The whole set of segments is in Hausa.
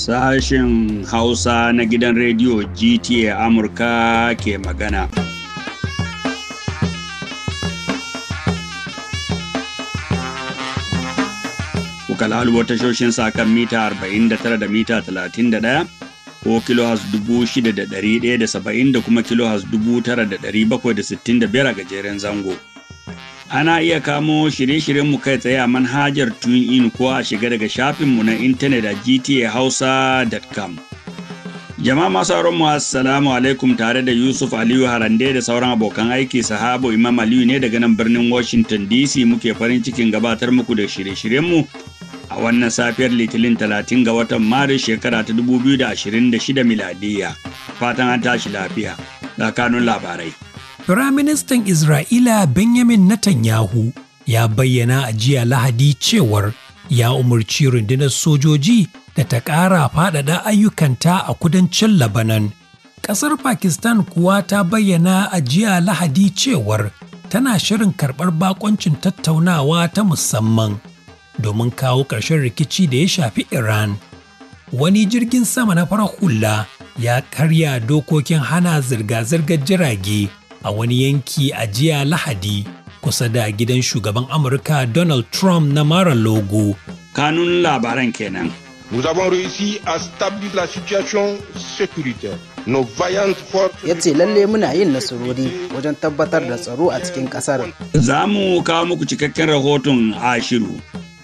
Sashen Hausa na gidan rediyo GTA Amurka ke magana. Kuka lalubo tashoshin sa kan mita 49 da mita 31 ko kilohas 6,170 da kuma kilohas 9,765 a gajeren zango. ana iya kamo shirye-shiryenmu kai tsaye a manhajar in ko a shiga daga shafinmu na intanet a gtahausa.com. Jama'a masu mu assalamu alaikum tare da Yusuf Aliyu Harande da sauran abokan aiki sahabo Imam Aliyu ne daga nan birnin Washington DC muke farin cikin gabatar muku da shirye-shiryenmu a wannan safiyar Litinin talatin ga watan Maris shekara ta da shida miladiya. Fatan an tashi lafiya. Tsakanin labarai. Firaministan Isra'ila Benjamin Netanyahu ya bayyana a jiya Lahadi cewar ya umarci rundunar sojoji da ta ƙara faɗaɗa ayyukanta a kudancin Labanan. Ƙasar Pakistan kuwa ta bayyana a jiya Lahadi cewar tana shirin karɓar bakoncin tattaunawa ta musamman domin kawo ƙarshen rikici da ya shafi Iran. Wani jirgin sama na farar hula ya karya dokokin hana zirga-zirgar jirage a wani yanki a jiya Lahadi kusa da gidan shugaban Amurka Donald Trump na mara logo. Kanun labaran kenan. ya ce lalle muna yin nasarori wajen tabbatar da tsaro a cikin kasar. Za mu kawo muku cikakken rahoton ashiru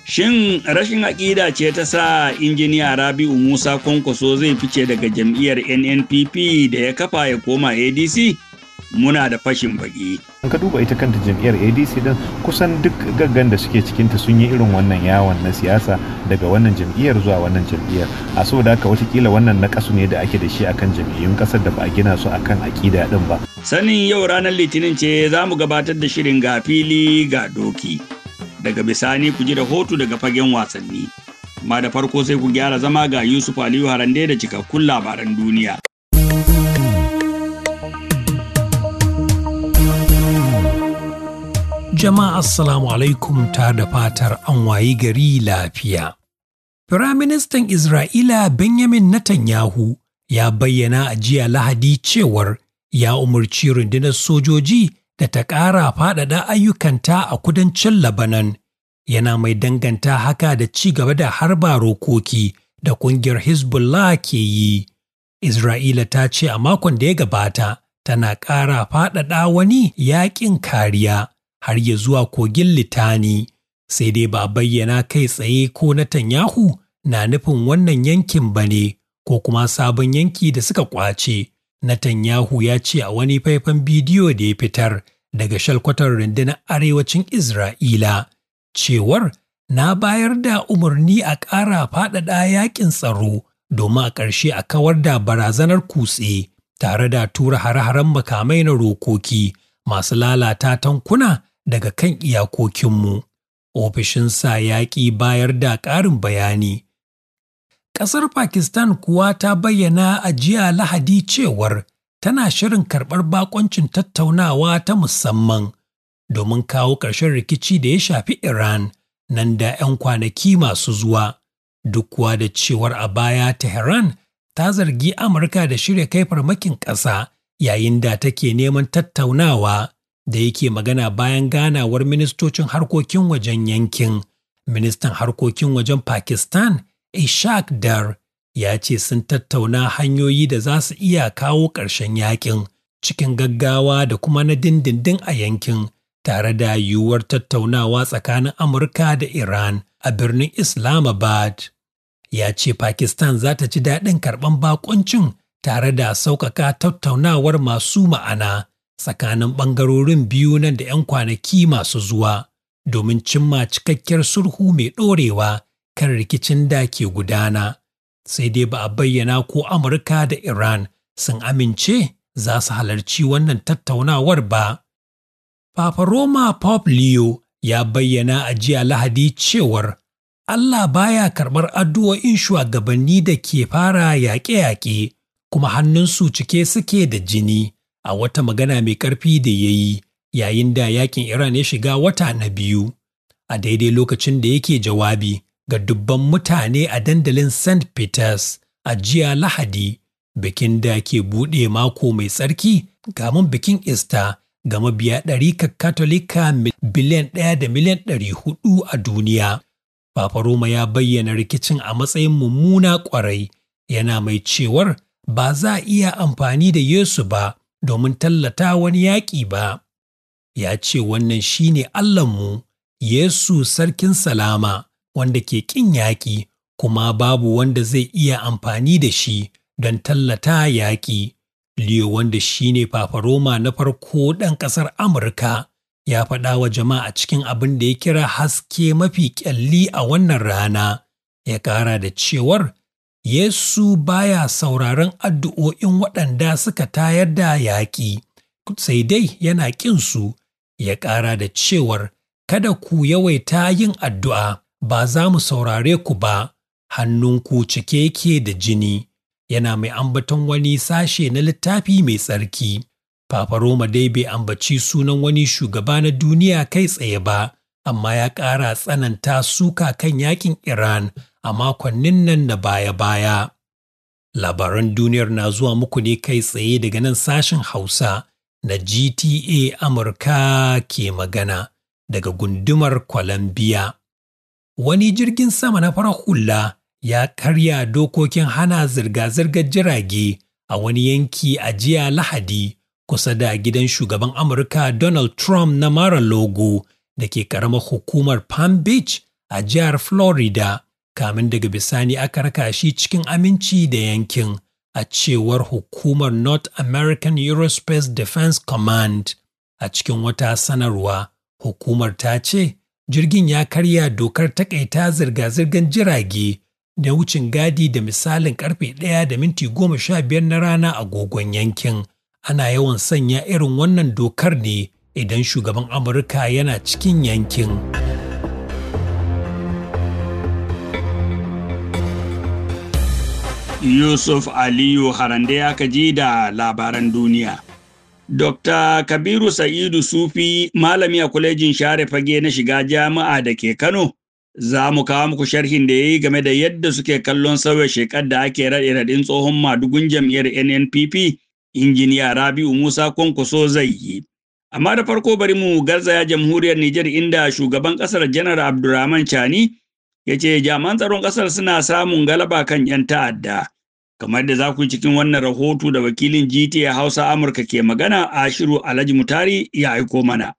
Shin rashin aƙida ce ta sa injiniya Rabi'u Musa Kwankwaso zai fice daga jam'iyyar NNPP da ya kafa ya koma ADC? muna da fashin baki. An ka duba ita kanta jam'iyyar ADC din kusan duk gaggan da suke cikinta sun yi irin wannan yawon na siyasa daga wannan jam'iyyar zuwa wannan jam'iyyar. A saboda haka watakila wannan na ne da ake da shi akan jam'iyyun kasar da ba a gina su akan akida din ba. Sanin yau ranar Litinin ce za mu gabatar da shirin ga fili ga doki. Daga bisani ku ji rahoto daga fagen wasanni. ma da farko sai ku gyara zama ga Yusuf Aliyu Harande da cikakkun labaran duniya. Jama'a Assalamu alaikum ta da fatar an wayi gari lafiya. Firaministan Isra'ila Benjamin Netanyahu ya bayyana a jiya Lahadi cewar ya umarci rundunar sojoji da ta ƙara faɗaɗa ayyukanta a kudancin Labanan, yana mai danganta haka da ci gaba da harba rokoki da ƙungiyar Hezbollah ke yi. Isra'ila ta ce a makon da ya gabata tana ƙara faɗaɗa wani yaƙin kariya har ya zuwa kogin litani sai dai ba bayyana kai tsaye ko Netanyahu na nufin wannan yankin ba ne ko kuma sabon yanki da suka kwace. Netanyahu ya ce a wani faifan bidiyo da ya fitar daga shalkwatar rundunar arewacin Isra'ila cewar na bayar da umarni a ƙara faɗaɗa yaƙin tsaro domin a ƙarshe a kawar da barazanar kutse tare da tura hare-haren makamai na rokoki masu lalata tankuna daga kan iyakokinmu. Ofishinsa ya ƙi bayar da ƙarin bayani. Ƙasar Pakistan kuwa ta bayyana a jiya Lahadi cewar tana shirin karɓar bakoncin tattaunawa ta musamman domin kawo ƙarshen rikici da ya shafi Iran nan da 'yan kwanaki masu zuwa. Duk kuwa da cewar a baya Tehran ta zargi Amurka da shirya kai farmakin ƙasa yayin da take neman tattaunawa. da yake magana bayan ganawar ministocin harkokin wajen yankin. Ministan harkokin wajen Pakistan, Ishaq Dar, ya ce sun tattauna hanyoyi da za su iya kawo ƙarshen yakin cikin gaggawa da kuma na dindindin a yankin tare da yiwuwar tattaunawa tsakanin Amurka da Iran a birnin Islamabad. Ya ce Pakistan za ta ci daɗin karɓan baƙuncin tare da sauƙaƙa tattaunawar masu ma'ana tsakanin ɓangarorin biyu nan da 'yan kwanaki masu zuwa domin cimma cikakkiyar sulhu mai ɗorewa kan rikicin da ke gudana. Sai dai ba a bayyana ko Amurka da Iran sun amince za su halarci wannan tattaunawar ba. Papa Roma Pope Leo ya bayyana a jiya Lahadi cewar Allah baya karɓar addu'o'in shugabanni da ke fara yaƙe-yaƙe kuma hannunsu cike suke da jini. a wata magana mai ƙarfi da ya yi yayin da yakin Iran ya shiga wata na biyu a daidai lokacin da yake jawabi ga dubban mutane a dandalin St. Peters a jiya Lahadi bikin da ke buɗe mako mai tsarki gamin bikin Easter ga mabiya ɗari ka Katolika biliyan ɗaya da miliyan ɗari hudu a duniya. Papa Roma ya bayyana rikicin a matsayin mummuna ƙwarai yana mai cewar ba za a iya amfani da Yesu ba domin tallata wani yaƙi ba, ya ce wannan shi ne Allahnmu, Yesu Sarkin Salama, wanda ke ƙin yaƙi, kuma babu wanda zai iya amfani da shi don tallata yaƙi. Leo wanda shi ne Roma na farko ɗan ƙasar Amurka, ya faɗa wa jama'a cikin abin da ya kira haske mafi ƙyalli a wannan rana, ya ƙara da cewar Yesu baya sauraron addu'o'in waɗanda suka tayar da yaƙi, sai dai yana ƙinsu ya ƙara da cewar, Kada ku yawaita yin addu'a, ba za mu saurare ku ba, hannunku cike yake da jini, yana mai ambaton wani sashe na littafi mai tsarki. Papa Roma dai bai ambaci sunan wani shugaba na duniya kai tsaye ba, amma ya ƙara tsananta suka kan yaƙin Iran a makonnin nan na baya-baya. Labaran duniyar na zuwa muku ne kai tsaye daga nan sashen Hausa na GTA Amurka ke magana daga gundumar Columbia. Wani jirgin sama na farar hula ya karya dokokin hana zirga-zirgar jirage a wani yanki a jiya Lahadi kusa da gidan shugaban Amurka Donald Trump na mara logo da ke karamar hukumar Palm Beach a jihar Florida kamin daga bisani aka raka shi cikin aminci da yankin a cewar hukumar North American Aerospace Defense Command a cikin wata sanarwa hukumar ta ce jirgin ya karya dokar takaita zirga zirgan jirage da wucin gadi da misalin karfe ɗaya da minti goma sha biyar na rana agogon yankin ana yawan sanya irin wannan dokar ne idan shugaban amurka yana cikin yankin. Yusuf Aliyu Harande ya kaji da labaran duniya. Dr. Kabiru Sa'idu Sufi, malami a kwalejin share fage na shiga jami'a da ke Kano, za mu kawo muku sharhin da ya yi game da yadda suke kallon sauya shekar da ake raɗe-raɗin tsohon madugun jam'iyyar NNPP, injiniya Rabi'u Musa Kwankwaso zai yi. Amma da farko bari mu garzaya jamhuriyar Nijar inda shugaban ƙasar Janar Abdulrahman Chani ya ce jaman tsaron ƙasar suna samun galaba kan 'yan ta'adda. kamar da za ku yi cikin wannan rahoto da wakilin GTA Hausa Amurka ke magana a shiru Alhaji Mutari ya aiko mana.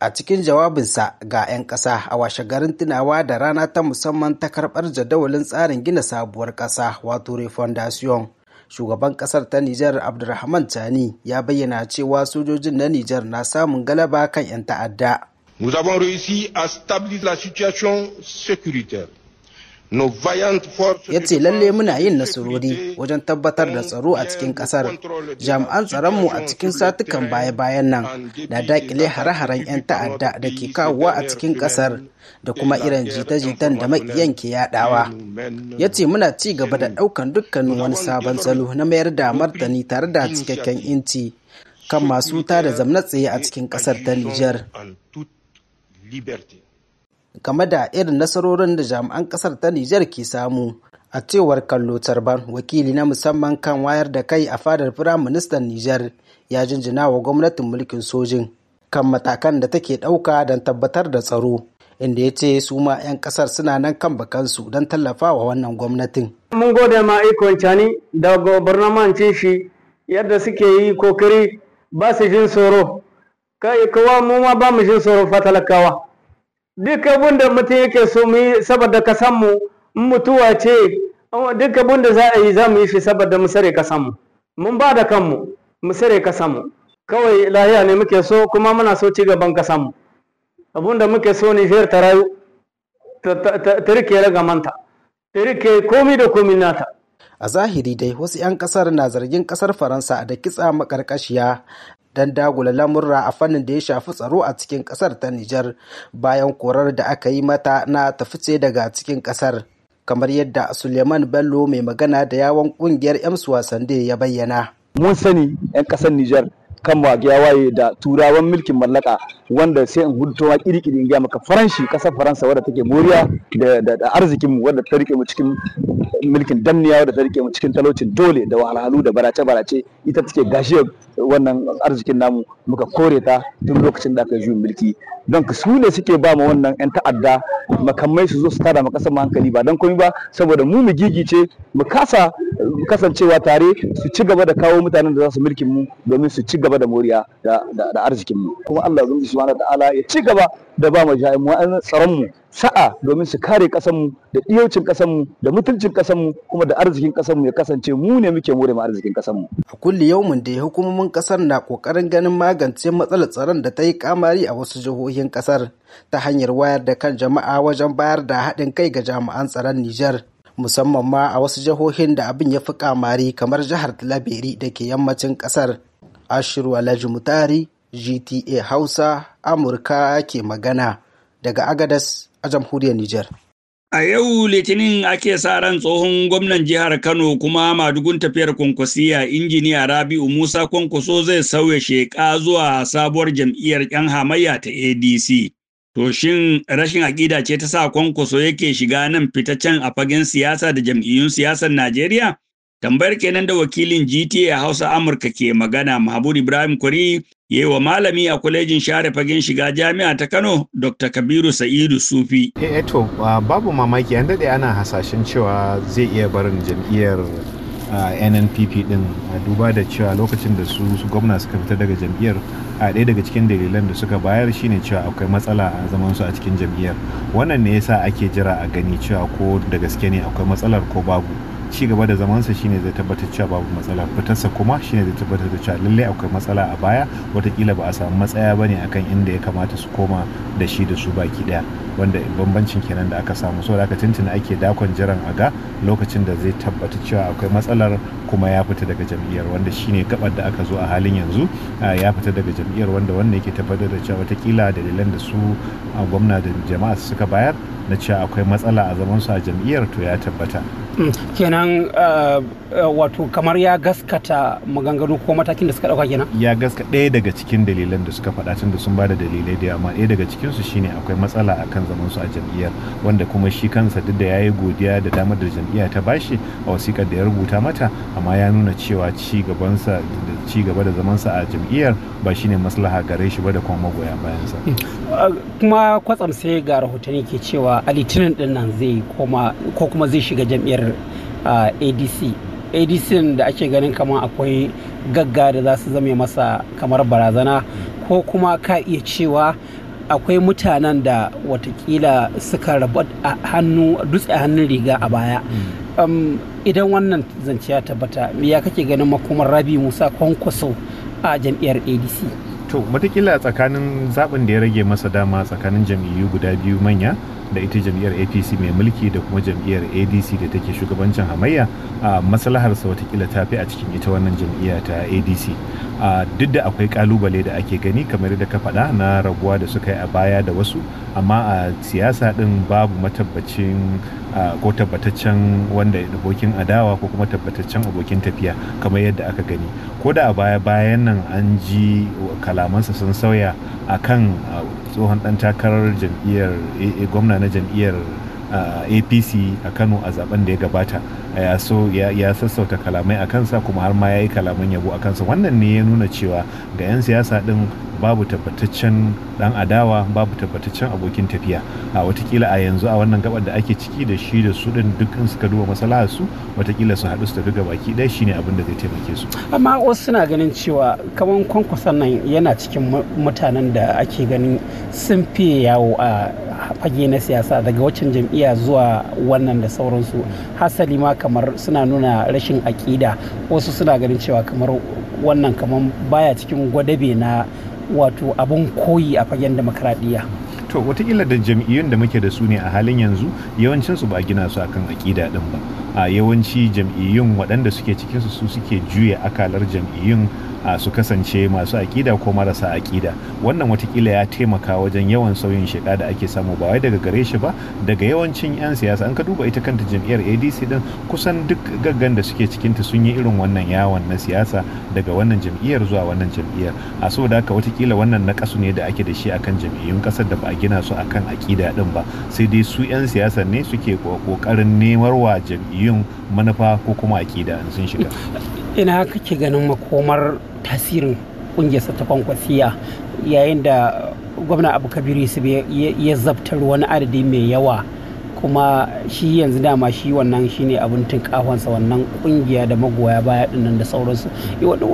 A cikin jawabinsa ga 'yan ƙasa a washe garin tunawa da rana ta musamman ta karɓar jadawalin tsarin gina sabuwar ƙasa wato refondation. Shugaban ƙasar ta Nijar Abdulrahman Tani ya bayyana cewa sojojin na Nijar na samun galaba kan 'yan ta'adda. Nous avons réussi à stabiliser la situation sécuritaire. ya ce lalle muna yin nasarori wajen tabbatar da tsaro a cikin kasar jami'an tsaronmu a cikin satukan baya-bayan nan na dakile hare-haren 'yan ta'adda da ke kawowa a cikin kasar da kuma irin jita-jitan da makiyan ke yadawa ya ce muna ci gaba da daukan dukkanin wani sabon salo na mayar da martani tare da cikakken inci kan masu tada zamna tsaye a cikin kasar ta nijar. game da irin nasarorin da jami'an kasar ta Nijar ke samu. A cewar kallo tarban wakili na musamman kan wayar da kai a fadar firaministan Nijar ya jinjina wa gwamnatin mulkin sojin kan matakan da take ɗauka don tabbatar da tsaro. inda ya ce su ma 'yan kasar suna nan kan bakansu don tallafa wa wannan gwamnatin. Mun gode ma ikon cani da gwamnamancin shi yadda suke yi kokari ba su jin tsoro. Kai kowa mu ma ba mu jin tsoro fatalakawa. duk abin mutum yake so mu yi saboda in mutuwa ce duk abin za a yi za mu yi shi saboda mu sare mu mun ba da kanmu mu sare kasanmu kawai lahiya ne muke so kuma muna so ci gaban kasanmu abin da muke so fiyar ta rayu ta rike manta. ta rike komi da komi nata a zahiri dai wasu 'yan kasar na zargin kasar faransa da kitsa makarkashiya don dagula lamurra a fannin da ya shafi tsaro a cikin kasar ta Nijar bayan korar da aka yi mata na tafice daga cikin kasar. Kamar yadda Suleiman Bello mai magana da yawon kungiyar 'yan Sande ya bayyana. Mun sani 'yan kasar Nijar kan mage ya waye da turawan mulkin mallaka wanda sai in hudu ma kirkiri in ga maka faranshi kasar faransa wadda take moriya da arzikin mu wadda ta rike mu cikin mulkin danniya wadda ta rike mu cikin talaucin dole da wahalhalu da barace barace ita take gashi wannan arzikin namu muka kore ta tun lokacin da aka yi mulki don su ne suke ba mu wannan yan ta'adda makamai su zo su tada makasar mu hankali ba don komai ba saboda mu mu gigice mu kasa kasancewa tare su ci gaba da kawo mutanen da za su mulkin mu domin su ci gaba gaba da moriya da arzikin mu kuma Allah zai subhanahu ta'ala ya ci gaba da ba mu jami'an mu tsaron mu sa'a domin su kare kasan mu da iyocin kasan mu da mutuncin kasan mu kuma da arzikin kasan mu ya kasance mu ne muke more mu arzikin kasan mu a kulli yaumin da hukumomin ƙasar na kokarin ganin magance matsalar tsaron da ta yi kamari a wasu jihohin kasar ta hanyar wayar da kan jama'a wajen bayar da haɗin kai ga jami'an tsaron Nijar. musamman ma a wasu jihohin da abin ya fi kamari kamar jihar Talabiri da ke yammacin kasar Ashiru Alhaji Mutari, GTA Hausa, Amurka ke magana daga Agadas a jamhuriyar Nijar. A yau Litinin ake sa ran tsohon gwamnan jihar Kano kuma madugun tafiyar kwankwasiya injiniya Rabi'u Musa Kwankwaso zai sauya sheƙa zuwa sabuwar jam'iyyar 'yan hamayya ta ADC. To shin rashin aƙida ce ta sa kwankwaso yake shiga nan fitaccen a fagen siyasa da jam'iyyun siyasar Najeriya? Tambayar kenan da wakilin GTA a Hausa Amurka ke magana Mahmud Ibrahim kuri ya yi wa malami a kwalejin share fagen shiga jami'a ta Kano Dr. Kabiru Sa'idu Sufi. Eh, eh to babu mamaki an daɗe ana hasashen cewa zai iya barin jam'iyyar NNPP din duba da cewa lokacin da su gwamna suka fita daga jam'iyyar a ɗaya daga cikin dalilan da suka bayar shine cewa akwai matsala a zaman su a cikin jam'iyyar wannan ne yasa ake jira a gani cewa ko da gaske ne akwai matsalar ko babu. ci gaba da zamansa shine zai tabbatar cewa babu matsala fitarsa kuma shine zai tabbatar da cewa lallai akwai matsala a baya watakila ba a samu matsaya bane akan inda ya kamata su koma da shi da su baki daya wanda bambancin kenan da aka samu so da tuntuna ake dakon jiran aga lokacin da zai tabbata cewa akwai matsalar kuma ya fita daga jam'iyyar wanda shine gabar da aka zo a halin yanzu ya fita daga jam'iyyar wanda wanda yake tabbatar da cewa watakila dalilan da su gwamna da jama'a suka bayar na cewa akwai matsala a zaman su a jam'iyyar to ya tabbata hmm, kenan wato kamar ya gaskata maganganu ko matakin da suka dauka kenan ya gaska ɗaya daga cikin dalilan da suka faɗa tun da sun ba da dalilai da yawa ɗaya daga cikinsu shine akwai matsala akan zaman su a jam'iyyar wanda kuma shi kansa duk da yayi godiya da damar da jam'iyya ta bashi a wasikar da ya rubuta mata amma ya nuna cewa ci gaba da zamansa a jam'iyyar ba shi ne maslaha gare shi ba da kuma magoya bayan sa. kuma kwatsam sai ga rahotanni ke cewa a litinin din nan zai koma ko kuma zai shiga jam'iyyar adc adc da ake ganin kamar akwai gagga da za su zame masa kamar barazana ko kuma ka iya cewa akwai mutanen da watakila suka rabu a hannu dutse a hannun riga a baya mm. um, idan wannan zance ya tabbata ya kake ganin makomar rabi musa kwankwaso a jam'iyyar adc to matakila tsakanin zaɓin da ya rage masa dama tsakanin jam'iyyu guda biyu manya da ita jam'iyyar apc mai mulki da kuma jam'iyyar adc da take shugabancin hamayya a maslaharsa watakila ta fi a cikin ita wannan jam'iyya ta adc duk da akwai kalubale da ake gani kamar da ka faɗa na rabuwa da suka yi a baya da wasu amma a siyasa ɗin babu matabbacin ko tabbataccen wanda abokin adawa ko kuma tabbataccen abokin tafiya kamar yadda aka gani ko da a baya bayan nan an ji kalamansa sun sauya a kan. tsohon dan takarar jam'iyyar eh, eh, gwamna na jam'iyyar apc a kano a zaben da ya gabata ya so ya sassauta kalamai a kansa kuma har ma ya yi kalaman yabo a kansa wannan ne ya nuna cewa ga 'yan siyasa din babu tabbataccen dan adawa babu tabbataccen abokin tafiya a watakila a yanzu a wannan gabar da ake ciki da shi da su din duk suka duba masalahar su watakila su haɗu su tafi ga baki ɗaya shine abin da zai taimake su amma wasu suna ganin cewa kaman kwankwasan nan yana cikin mutanen da ake ganin sun fiye yawo a fage na siyasa daga waccan jam'iyya zuwa wannan da sauransu hasali ma kamar suna nuna rashin aƙida wasu suna ganin cewa kamar wannan kamar baya cikin gwadabe na wato abun koyi a fagen demokradiyya to watakila da jam'iyyun da muke da su ne a halin yanzu yawancinsu ba a gina su akan akida din ba a yawanci jam'iyyun waɗanda suke cikinsu su suke juya akalar jam'iyyun a su kasance masu aƙida ko marasa aƙida wannan watakila ya taimaka wajen yawan sauyin shiga da ake samu ba wai daga gare shi ba daga yawancin 'yan siyasa an ka duba ita kanta jam'iyyar adc din kusan duk gaggan da suke cikinta sun yi irin wannan yawon na siyasa daga wannan jam'iyyar zuwa wannan jam'iyyar a saboda haka watakila wannan na kasu ne da ake da shi akan jam'iyyun kasar da ba a gina su akan aƙida din ba sai dai su 'yan siyasa ne suke ƙoƙarin nemarwa jam'iyyun manufa ko kuma aƙida sun shiga ina kake ganin makomar tasirin kungiyar ta kwankwasiya yayin da gwamna abu kabiru su ya zabtar wani adadi mai yawa kuma shi yanzu dama shi wannan shine abin tunkafansa wannan kungiya da magoya baya dinnan da sauransu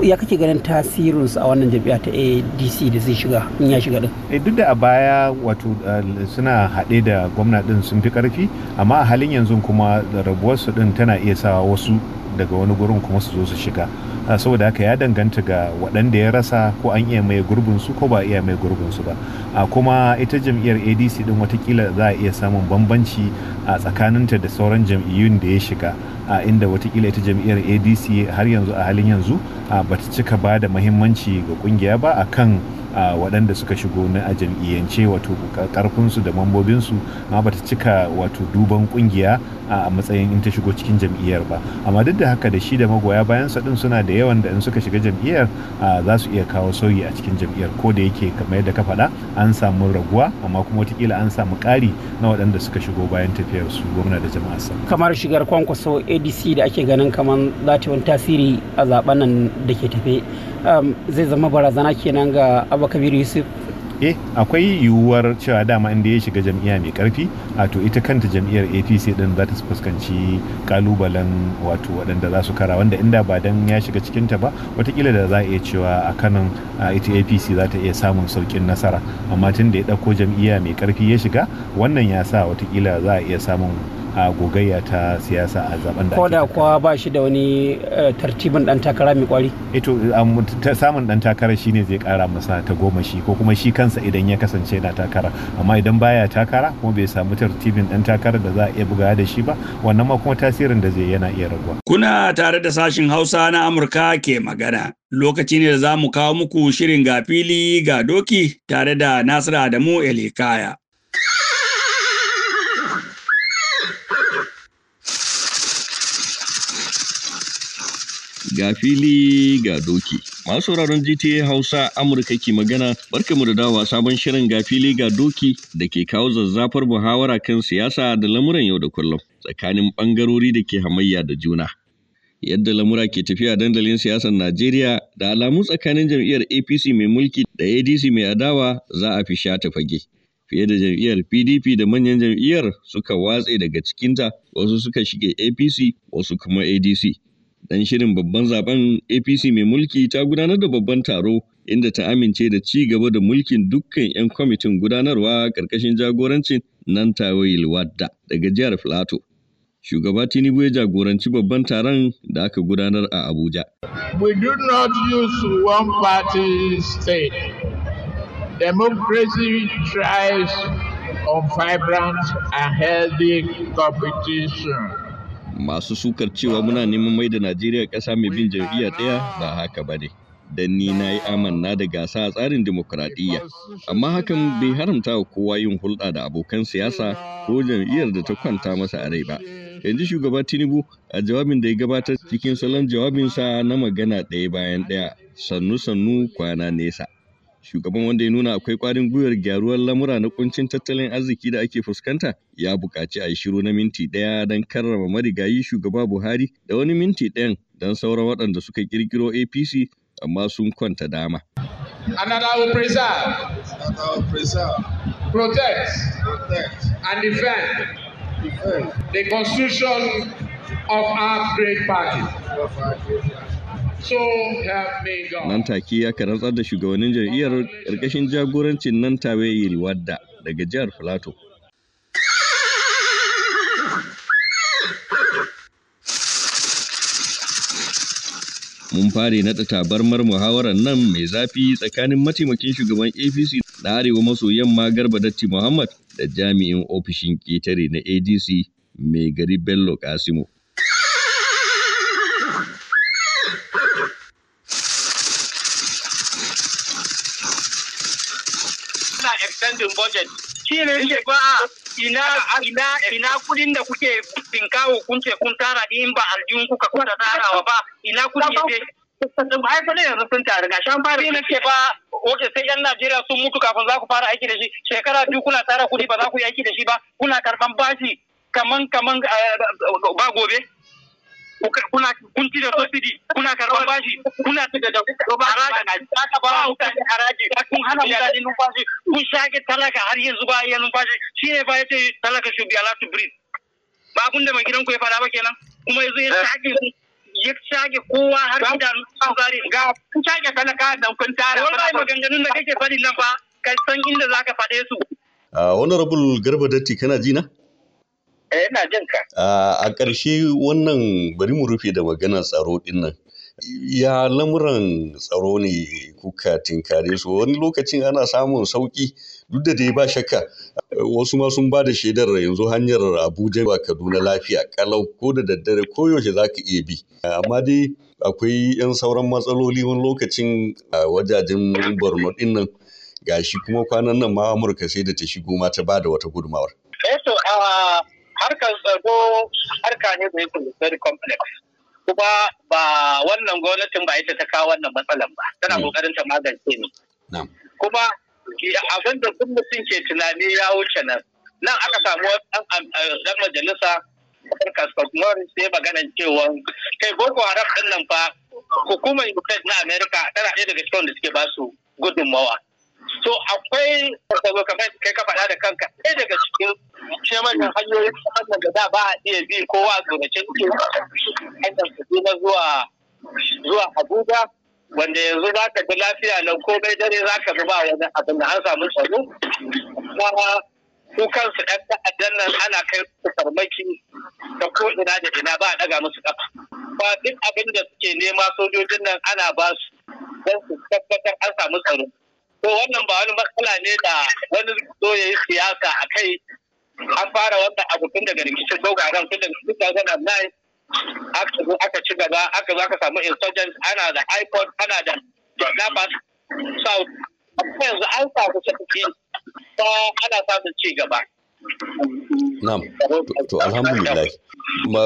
ya kake ganin tasirinsu a wannan jam'iyya ta adc da zai shiga in ya shiga din eh, duk da a baya wato eh, suna haɗe da gwamna din sun fi karfi amma a halin yanzu kuma rabuwarsu din tana iya sa wasu daga wani gurin kuma su zo su shiga ah, saboda haka ya danganta ga waɗanda ya rasa ko an iya mai gurbin su ko ba iya mai gurbin su ba a ah, kuma ita jam'iyyar adc din watakila za a iya samun bambanci a ah, tsakaninta da sauran jam'iyyun da ya shiga a inda watakila ita jam'iyyar adc har yanzu a halin yanzu ba ta cika ba da mahimmanci ga kungiya ba akan. a waɗanda suka shigo na a jam'iyyance wato ƙarfinsu da mambobinsu amma ta cika wato duban ƙungiya a matsayin in ta shigo cikin jam'iyyar ba amma duk da haka da shi da magoya bayan sa din suna da yawan da in suka shiga jam'iyyar za su iya kawo sauyi a cikin jam'iyyar ko da yake kamar yadda ka faɗa an samu raguwa amma kuma watakila an samu ƙari na waɗanda suka shigo bayan tafiyar su gwamna da jama'a. kamar shigar kwankwaso adc da ake ganin kamar za ta wani tasiri a zaben nan da ke tafe zai zama barazana kenan ga abu kabiru yusuf eh akwai yiwuwar cewa dama inda ya shiga jam'iyya mai karfi to ita kanta jam'iyyar apc din za ta fuskanci kalubalen wato waɗanda za su kara wanda inda ba dan ya shiga cikinta ba watakila da za a iya cewa a kanan ita apc za ta iya samun saukin nasara amma tun da ya ɗauko jam'iyya mai karfi ya shiga wannan ya sa watakila za a iya samun a gogayya ta siyasa a zaben da da kuwa ba shi da wani eh, tartibin dan takara mai kwari ito samun dan takara shine zai kara masa ta goma shi ko kuma shi kansa idan ya kasance na takara amma idan baya takara kuma bai samu tartibin dan takara da za a iya buga da shi ba wannan ma kuma tasirin da zai yana iya raguwa kuna tare da sashin Hausa na Amurka ke magana lokaci ne da za mu kawo muku shirin ga fili ga doki tare da Nasiru Adamu Elikaya ga fili ga doki. Masu sauraron GTA Hausa Amurka ke magana barkamu da dawa sabon shirin ga fili ga doki da ke kawo zazzafar muhawara kan siyasa da lamuran yau da kullum tsakanin bangarori da ke hamayya da juna. Yadda lamura ke tafiya dandalin siyasar Najeriya da alamu tsakanin jam'iyyar APC mai mulki da ADC mai adawa za a fi shata fage. fiye da jam'iyyar PDP da manyan jam'iyyar suka watse daga cikinta, wasu suka shige APC, wasu kuma ADC. Dan shirin babban zaben APC mai mulki ta gudanar da babban taro inda ta amince da ci gaba da mulkin dukkan 'yan kwamitin gudanarwa ƙarƙashin jagorancin Nantawe Yilwadda daga jihar Filato. Shugaba Tinubu ya jagoranci babban taron da aka gudanar a Abuja. We do not use one party state. Democracy thrives on vibrant and healthy competition. masu sukar cewa muna neman mai da najeriya ƙasa mai bin jam'iyya ɗaya ba haka ba ne don ni na yi amanna da gasa a tsarin demokuraɗiyya amma hakan bai haramta wa kowa yin hulɗa da abokan siyasa ko jam'iyyar da ta kwanta masa a rai ba yanzu shugaba tinubu a jawabin da ya gabatar cikin salon jawabinsa na magana ɗaya bayan ɗaya sannu sannu kwana nesa Shugaban wanda ya nuna akwai kwarin gwiwar gyaruwar lamura na kuncin tattalin arziki da ake fuskanta ya buƙaci a yi shiru na minti ɗaya don karrama marigayi shugaba Buhari da wani minti ɗayan don sauran waɗanda suka ƙirƙiro APC amma sun kwanta dama. Another will preserve, will Protect. and defend. the constitution of our great party. Nan take ya karantsar da shugabannin jam'iyyar karkashin jagorancin nan tawe Riwadda daga jihar Filato. Mun fare naɗa tabarmar muhawarar nan mai zafi tsakanin mataimakin shugaban APC da arewa maso yamma Garba Datti Muhammad da jami'in ofishin ƙetare na ADC mai gari Bello Kasimo. expensive budget shi ne ce ba ina ina ina kudin da kuke tinkawo kun ce kun tara in ba aljihun kuka kuka tarawa ba ina kudin ya ai fa ne yanzu sun taru gashi fara ne ke ba oke sai yan Najeriya sun mutu kafin za ku fara aiki da shi shekara biyu kuna tara kudi ba za ku yi aiki da shi ba kuna karban bashi kaman kaman eh, ba gobe kuna kun ci da subsidy kuna karɓar bashi kuna ci da haraji aka ba mutane haraji kun hana mutane numfashi kun shage talaka har yanzu ba iya numfashi shine ba yace talaka should be allowed to breathe ba abin da mai gidan ku ya faɗa ba kenan kuma yanzu ya shage ya shage kowa har da tsari ga kun shage talaka da kun tara wallahi maganganun da kake faɗi nan fa ka san inda zaka faɗe su ah, honorable garba datti kana ji na Eh, ina jin ka. A ƙarshe wannan bari mu rufe da maganar tsaro dinnan Ya lamuran tsaro ne kuka tinkare su wani lokacin ana samun sauƙi duk da dai ba shakka wasu ma sun ba da shaidar yanzu hanyar Abuja ba Kaduna lafiya kalau ko da daddare yaushe za ka iya bi. Amma dai akwai 'yan sauran matsaloli wani lokacin a wajajen Borno ɗin gashi kuma kwanan nan ma Amurka sai da ta shigo ma ta ba da wata gudumawar. Eh to harkar tsaro harka ne da yake very complex kuma ba wannan gwamnatin ba ita ta kawo wannan matsalar ba tana mm. kokarin ta magance ne kuma abin da duk mutum ke tunani ya wuce nan nan aka samu dan majalisa harkar Scotland sai maganan cewa kai Boko Haram din nan fa hukumar Ukraine na America tana ɗaya daga cikin da suke ba su gudunmawa. So akwai farfazo kamar kai ka faɗa da kanka ɗaya daga cikin ce da hanyoyin wannan da da ba a iya bi kowa a zonace suke hanyar su na zuwa zuwa Abuja wanda yanzu za ka ji lafiya nan komai dare za ka zuba wani abin da an samu tsaro kuma su kansu ɗan ta'addan nan ana kai su farmaki da ko ina da ina ba a ɗaga musu ƙafa ba duk abin da suke nema sojojin nan ana ba su don su tabbatar an samu tsaro to wannan ba wani matsala ne da wani zo ya yi siyasa a kai an fara wannan abu tun daga rikicin ran tun daga 2009 aka zo aka ci gaba aka zaka aka samu insurgents ana da ipod ana da gabas south amma yanzu an samu sarki ta ana samun ci gaba na'am to alhamdulillah ma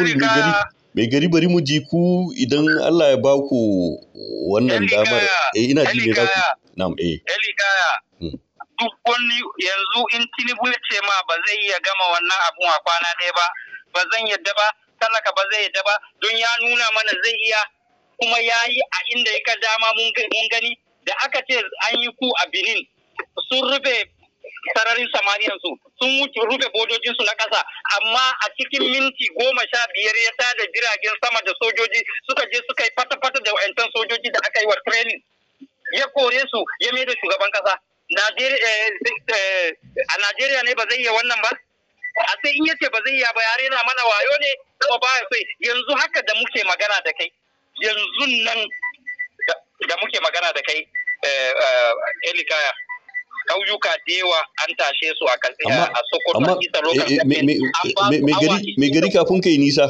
ne gari mai gari bari mu ji ku idan Allah ya baku wannan damar eh ina ji ne za ku na'am eh Kaya, hmm. duk wani yanzu in Tinubu ya ce ma ba zai iya gama wannan abun a kwana ɗaya ba ba zan yadda ba talaka ba zai yadda ba don ya nuna mana zai iya kuma ya yi a inda ya ka dama mun gani da aka ce an yi ku a Benin sun rufe sararin samaniyan sun wuce rufe bojojinsu na ƙasa amma a cikin minti goma sha biyar ya tada jiragen sama da sojoji suka je suka yi fata-fata da wa'antan sojoji da aka yi wa training ya kore su ya mai da shugaban ƙasa eh, eh, a Najeriya ne ba zai iya wannan ba a sai in yace ba zai iya ba yare na mana wayo ne kuma ba sai yanzu haka da muke magana da kai yanzu nan da muke magana da kai eh, elikaya ƙauyuka da yawa an tashe su a kalfiya a sokoto isa lokacin me gari kafin kai nisa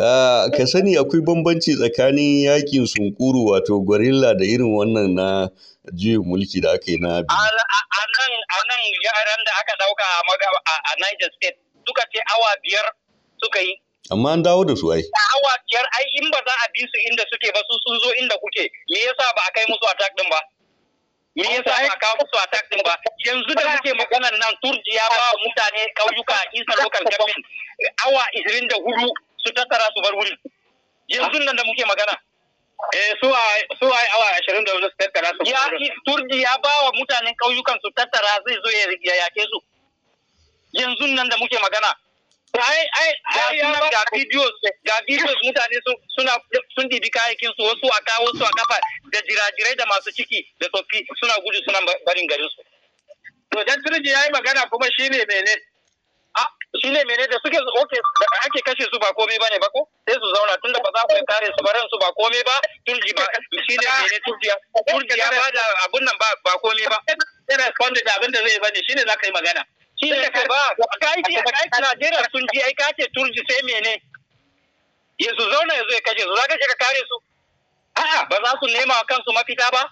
ah, ka sani akwai bambanci tsakanin yakin sunkuru wato gorilla da irin wannan na juyin mulki da aka yi na biyu. a nan yaran da aka dauka a Niger State suka ce awa biyar suka yi amma an dawo da su ai. Awa biyar ai in ba za a bi su inda suke ba su sun zo inda kuke me yasa ba a kai musu attack din ba. me yasa ba kawo musu attack din ba yanzu da muke maganar nan turji ya ba mutane kauyuka isa local government awa 24 su tattara su bar wurin yanzu nan da muke magana eh su a su a awa 20 da su tattara su ya turji ya ba wa mutanen kauyukan su tattara zai zo ya yake su yanzu nan da muke magana ga videos mutane suna sun dibi kayakin su wasu a kawo su a kafa da jirajirai da masu ciki da tsofi suna gudu suna barin garin su to dan turji yayi magana kuma shine mene a shine mene da suke oke ake kashe su ba komai bane ba ko sai su zauna tunda ba za ku kare su ba su ba komai ba turji ba shine mene turjiya turjiya ba da abun nan ba komai ba sai respond da abin da zai bane shine za ka yi magana shi ne ka ba ka yi Najeriya sun ji ai ka ce turji sai mene ya su zauna ya zo ya kaje su za ka ce ka kare su a'a ba za su nema wa kansu mafita ba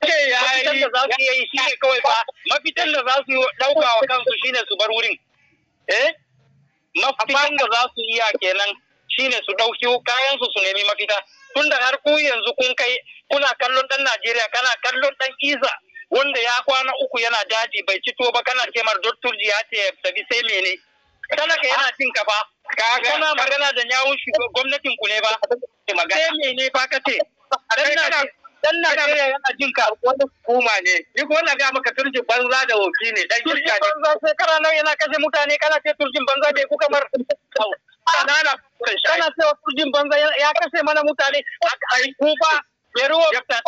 mafitan da za su yi shi ne kawai ba mafitan da za su dauka wa kansu shi ne su bar wurin eh mafitan da za su iya kenan shi ne su dauki kayansu su nemi mafita tunda har ku yanzu kun kai kuna kallon dan Najeriya kana kallon dan Isa wanda ya kwana uku yana daji bai cito ba kana kemar mar turji ya ce ya tafi sai mene talaka yana cin ka fa kana magana da yawun gwamnatin ku ne ba sai mene ba ka ce dan Najeriya yana jin ka wani hukuma ne ni kuma na ga maka turjin banza da wofi ne dan kirka ne banza sai kana nan yana kashe mutane kana ce turjin banza bai ku kamar kanana kana ce turjin banza ya kashe mana mutane a ku ba Yero ta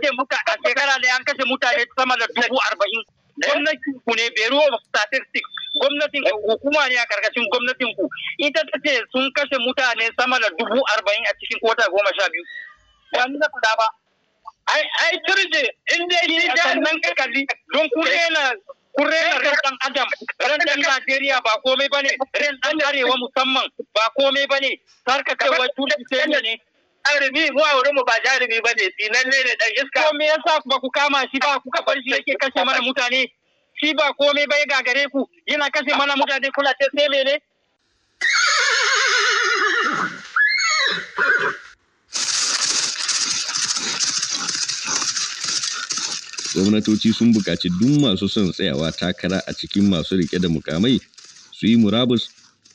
ce muka a shekara da an kashe mutane sama da dubu arba'in. Gwamnatin ku ne Bureau of Statistics gwamnatin hukuma ne a karkashin gwamnatin ku ita ta ce sun kashe mutane sama da dubu arba'in a cikin kota goma sha biyu. Ba ni na faɗa ba. Ai ai turje in dai ni da nan ka don ku rena kun rena ran dan adam ran dan Najeriya ba komai bane ran dan arewa musamman ba komai bane sarka cewa tudu ne jarumi mu a wurinmu ba jarumi ba ne sinan ne dan iska. Ko me yasa ba ku kama shi ba kuka bar shi yake kashe mana mutane? Shi ba komai bai gagare ku yana kashe mana mutane kula ta sai mene? gwamnatoci sun buƙaci duk masu son tsayawa takara a cikin masu riƙe da mukamai su yi murabus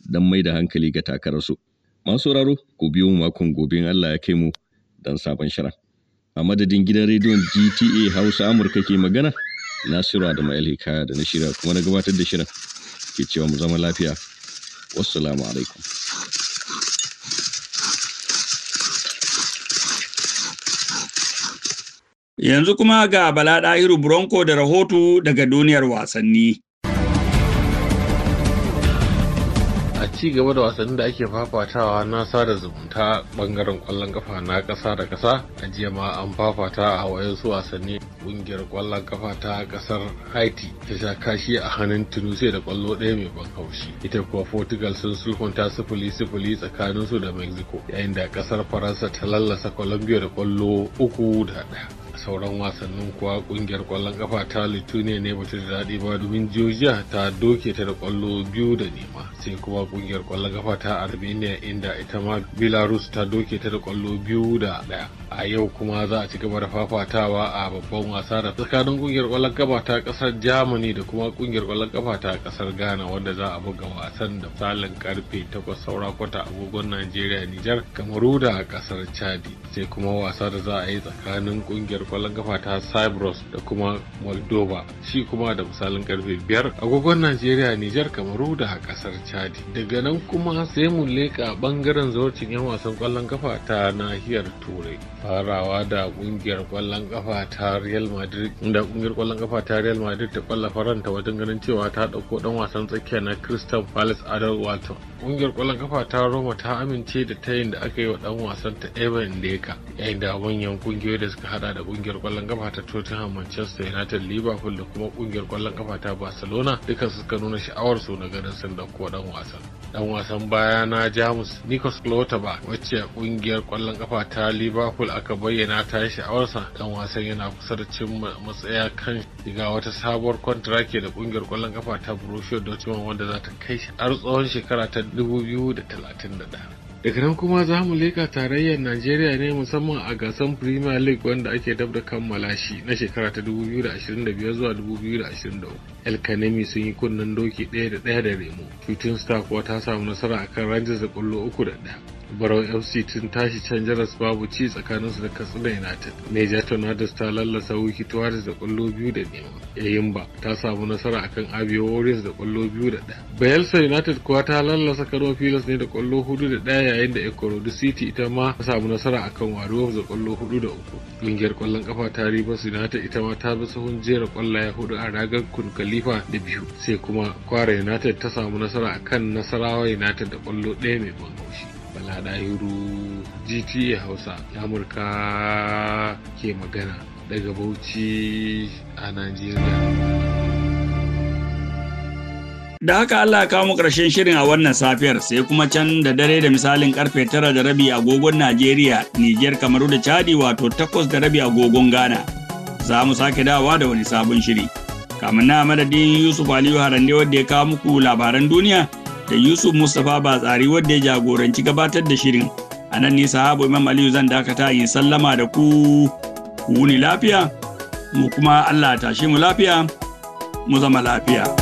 don mai da hankali ga takararsu. Masu sauraro ku biyo makon gobe in Allah ya kai mu don sabon shirin. A madadin gidan rediyon GTA Hausa Amurka ke magana, Nasiru Adamu Hikaya da na shirya kuma na gabatar da shirin ke cewa mu zama lafiya. Wassalamu alaikum. Yanzu kuma ga Bala Ɗahiru Bronco da rahoto daga duniyar wasanni. ci gaba da wasannin da ake fafatawa na sada zumunta bangaren kwallon kafa na kasa da kasa a jiya ma an fafata a su wasanni kungiyar kwallon kafa ta kasar haiti ta sha kashi a hannun tunisia da kwallo ɗaya mai ban haushi ita kuwa portugal sun sulhunta sifili sifili tsakaninsu da mexico yayin da kasar faransa ta lallasa colombia da kwallo uku da ɗaya sauran wasannin kuwa kungiyar kwallon kafa ta litune ne bata da daɗi ba domin georgia ta doke ta da kwallo biyu da nema sai kuma kungiyar kwallon kafa ta armenia inda ita ma belarus ta doke ta da kwallo biyu da ɗaya a yau kuma za a ci gaba da fafatawa a babban wasa da tsakanin kungiyar kwallon kafa ta kasar Germany da kuma kungiyar kwallon kafa ta kasar Ghana wanda za a buga wasan da misalin karfe 8 saura kwata agogon Najeriya Nijar Kamaru da kasar Chadi sai kuma wasa da za a yi tsakanin kungiyar kwallon kafa ta Cyprus da kuma Moldova shi kuma da misalin karfe 5 agogon Najeriya Nijar Kamaru da kasar Chadi daga nan kuma sai mu leka bangaren zaurcin yan wasan kwallon kafa ta nahiyar Turai farawa da kungiyar kwallon kafa ta Real Madrid inda kungiyar kwallon kafa ta Real Madrid ta kwallafa faranta wajen ganin cewa ta dauko dan wasan tsakiya na Crystal Palace a Walton ƙungiyar ƙwallon kafa ta Roma ta amince da tayin da aka yi wa ɗan wasan ta Evan Ndeka yayin da manyan ƙungiyoyi da suka haɗa da ƙungiyar kwallon kafa ta Tottenham Manchester United Liverpool da kuma ƙungiyar kwallon kafa ta Barcelona dukan suka nuna sha'awar su na ganin sun dauko ɗan wasan. Ɗan wasan baya na Jamus Nikos ba. wacce ƙungiyar kwallon kafa ta Liverpool aka bayyana ta yi sha'awarsa ɗan wasan yana kusa da cimma matsaya kan shiga wata sabuwar kwantiraki da ƙungiyar kwallon kafa ta Borussia Dortmund wanda za ta kai shi har tsawon shekara ta 2031 daga nan kuma za mu leka tarayyar najeriya ne musamman a gasar premier league wanda ake dab da kammala shi na shekara ta 2025 zuwa 2023 el kanemi sun yi kunnen doki ɗaya da ɗaya da remo shooting star kuwa ta samu nasara akan rangers da ƙwallo uku da ɗaya barau fc tun tashi can jaras babu ci tsakanin su da katsina united Major tornadoes ta lallasa wiki tuwaris da kwallo biyu da nema ba ta samu nasara akan abia warriors da kwallo biyu da ɗaya bayelsa united kuwa ta lallasa kano pilas ne da kwallo hudu da ɗaya yayin da ikorodu city ita ma ta samu nasara akan warriors da kwallo hudu da uku ƙungiyar kwallon kafa ta rivers united ita ma ta bi sahun jera kwallaye hudu a ragar kun khalifa da biyu sai kuma kwara united ta samu nasara akan nasarawa united da kwallo ɗaya mai ban haushi Bala Ɗahiru GTA Hausa Amurka ke magana daga Bauchi a Najeriya. Da haka Allah kawo mu ƙarshen shirin a wannan safiyar sai kuma can da dare da misalin karfe tara da rabi agogon Najeriya, Nijar Kamaru da Chadi wato takwas da rabi agogon Ghana. Za mu sake dawa da wani sabon shiri. Kamin na madadin Yusuf Aliyu Harande wadda ya kawo muku labaran duniya. da Yusuf Mustapha Batsari wadda ya jagoranci gabatar da shirin. A nan ne sahabu Imam Aliyu zan dakata yin sallama da ku wuni lafiya, mu kuma Allah tashi mu lafiya, mu zama lafiya.